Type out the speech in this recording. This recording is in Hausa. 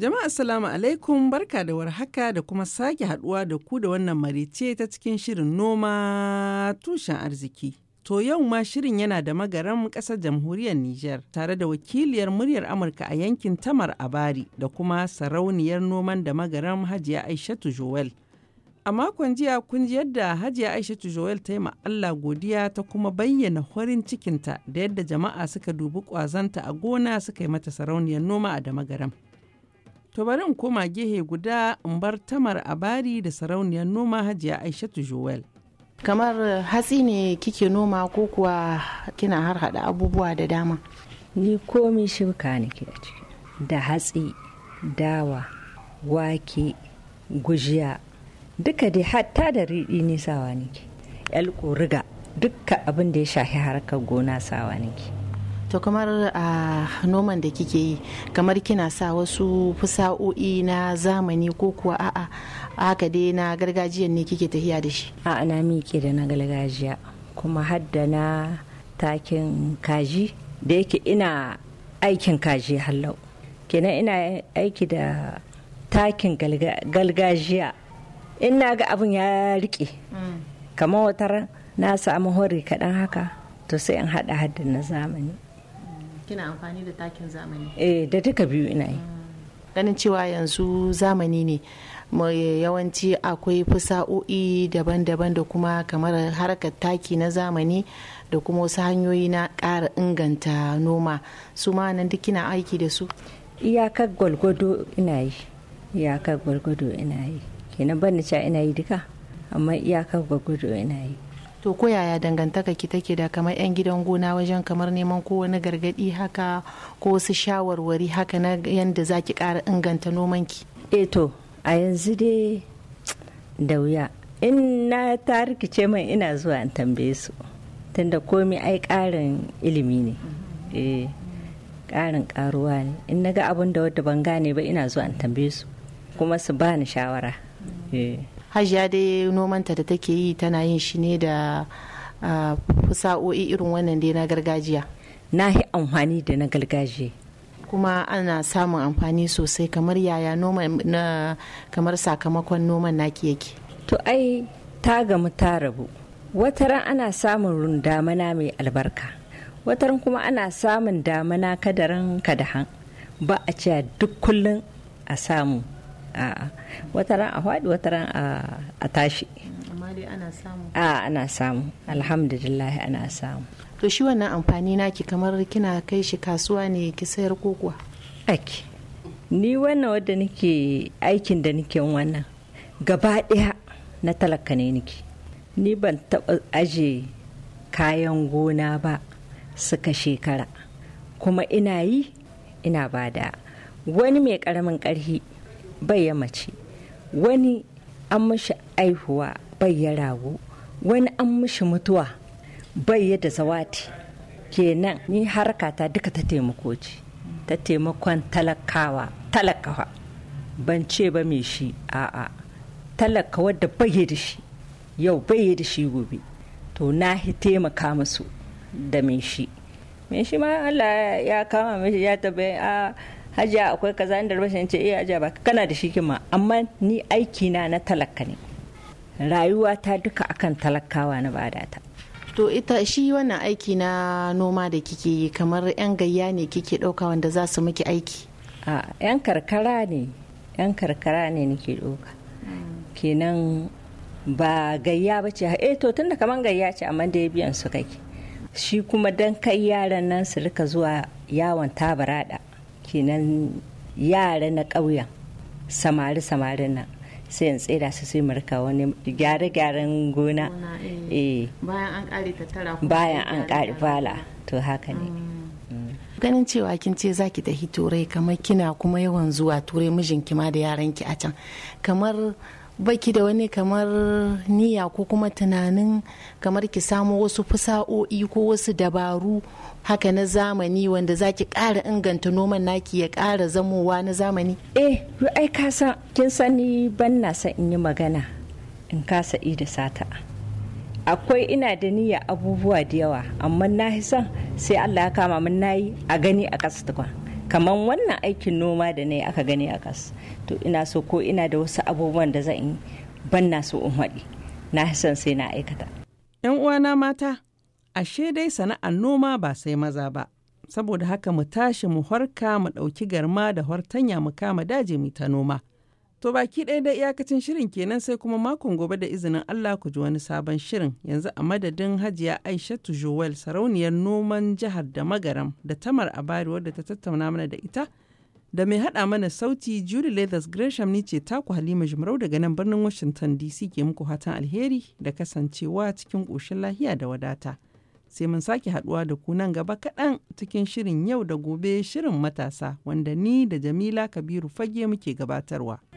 Jama'a assalamu alaikum barka da warhaka da kuma sake haduwa da ku da wannan marice ta cikin shirin noma tushen arziki. To yau ma shirin yana da magaran ƙasar jamhuriyar Nijar tare da wakiliyar muryar Amurka a yankin Tamar Abari da kuma sarauniyar noman da magaran Hajiya Aishatu Joel. A makon jiya kun ji yadda Hajiya Aishatu Joel ta yi Allah godiya ta kuma bayyana horin cikinta da yadda jama'a suka dubi kwazanta a gona suka yi mata sarauniyar noma a da magaram. To bari koma gehe guda in bar tamar a da sarauniyar noma hajiya Aishatu Joel. Kamar hatsi ne kike noma ko kuwa kina har hada abubuwa da dama? Ni komi shuka ne a ciki. Da hatsi, dawa, wake, gujiya, duka dai hatta da riɗi ne sawa nake. Yalko riga dukka abin da ya shafi harkar gona sawa to kamar a noman da kike yi kamar kina sa wasu fusa'o'i na zamani ko kuwa a'a haka dai na gargajiyan ne kike tafiya da shi a'a na miƙe da na gargajiya kuma hadda na takin kaji da yake ina aikin kaji hallau kenan ina aiki da takin gargajiya in na ga abin ya rike mm. kamar wata na samu hori kaɗan haka to sai in haɗa haddin na zamani kina amfani da takin zamani eh da duka biyu ina yi hmm. ganin cewa yanzu zamani ne mai yawanci akwai fasa'o'i daban-daban da kuma kamar harkar taki na zamani da kuma wasu hanyoyi na ƙara inganta noma su ma nan duk kina aiki da su iyakar gwalgwado ina yi iyakar gwalgwado ina yi kenan ban cewa ina yi duka amma iyakar gwalgwado ina yi to ko yaya dangantaka ki take da kamar 'yan gidan gona wajen kamar neman ko wani gargadi haka ko wasu shawarwari haka na yadda za ki kara inganta nomanki e to a yanzu dai da wuya in na ta rikice man ina zuwa in tambaye su tunda komi ai ƙarin ilimi ne eh ƙarin ƙaruwa ne in na ga abin da wadda ban gane ba ina zuwa in tambaye su kuma su bani shawara eh hajiya dai nomanta da take yi tana yin shi ne da fusa'o'i irin wannan dai na gargajiya na yi amfani da na gargajiya kuma ana samun amfani sosai kamar yaya noma na kamar sakamakon noman naki yake to ai ta gamu ta rabu wataran ana samun rundamana mai albarka wataran kuma ana samun damana kadaran kadahan ba a cewa duk kullum a samu a wata ran a faɗi wata ran a tashi amma dai ana samu a ana alhamdulillah ana samu to shi wannan amfani naki kamar kina kai shi kasuwa ne ki sayar ko kuwa ni wannan wadda nake aikin da nake wannan gaba ɗaya na talaka ne nake ni ban taɓa aje kayan gona ba suka shekara kuma ina yi ina bada wani mai ƙaramin ƙarfi. bai ya mace wani an mashi aihuwa bai ya ragu wani an mashi mutuwa bai ya da zawati kenan ni ta duka ta taimako ce ta taimakon talakawa talakawa ban ce ba mai shi a'a talakawa da bai ya da shi yau bai ya da shi gobe to na taimaka musu da mai shi mai shi ma Allah ya kama shi ya tabbai a ah, hajiya akwai kaza inda albashin ce iya eh, hajiya ba kana da shi kima amma ni aiki na na talaka ne rayuwa ta duka akan talakawa na ta. to ita shi wannan aiki na noma da kike yi kamar yan gayya ne kike dauka wanda za su miki aiki a yan karkara ne yan karkara ne nake dauka kenan ba gayya ba ce eh to tunda kamar gayya ce amma dai biyan su kai shi kuma dan kai yaran nan su rika zuwa yawon tabarada kenan yara na ƙauyen samari samarin na sai in tsira su sai marka wani gyare-gyaren gona eh. Eh. bayan an ƙare fala to haka ne hmm. mm. ganin cewa kin ce za ki tafi turai kamar kina kuma yawan zuwa turai mijinki ma da yaranki a can kamar baki da wani kamar niyya ko kuma tunanin kamar ki samu wasu fasa'o'i ko wasu dabaru haka na zamani wanda za ki ƙara inganta noman naki ya ƙara zamowa na zamani? eh ai kasa kin sani ban na san in yi magana in kasa i da sata akwai ina da niyya abubuwa da yawa amma na san sai allah ya kama min nayi a gani a kasa tukwa kamar wannan aikin noma da ne aka gani a kas to ina so ko ina da wasu abubuwan da zan yi ban na so in haɗi na san sai na aikata yan uwana mata ashe dai sana'ar noma ba sai maza ba saboda haka mu tashi mu harka mu ɗauki garma da hortanya mu kama daji mu ta noma To baki ɗaya da iyakacin shirin kenan sai kuma makon gobe da izinin Allah ku ji wani sabon shirin yanzu a madadin Hajiya Aishatu Joel sarauniyar noman jihar da magaram da Tamar Abari wadda ta tattauna mana da ita da mai haɗa mana sauti Julie Leathers Gresham ni ce taku Halima Jumrau daga nan birnin Washington DC ke muku hatan alheri da kasancewa cikin ƙoshin lahiya da wadata. Sai mun sake haɗuwa da ku nan gaba kaɗan cikin shirin yau da gobe shirin matasa wanda ni da Jamila Kabiru Fage muke gabatarwa.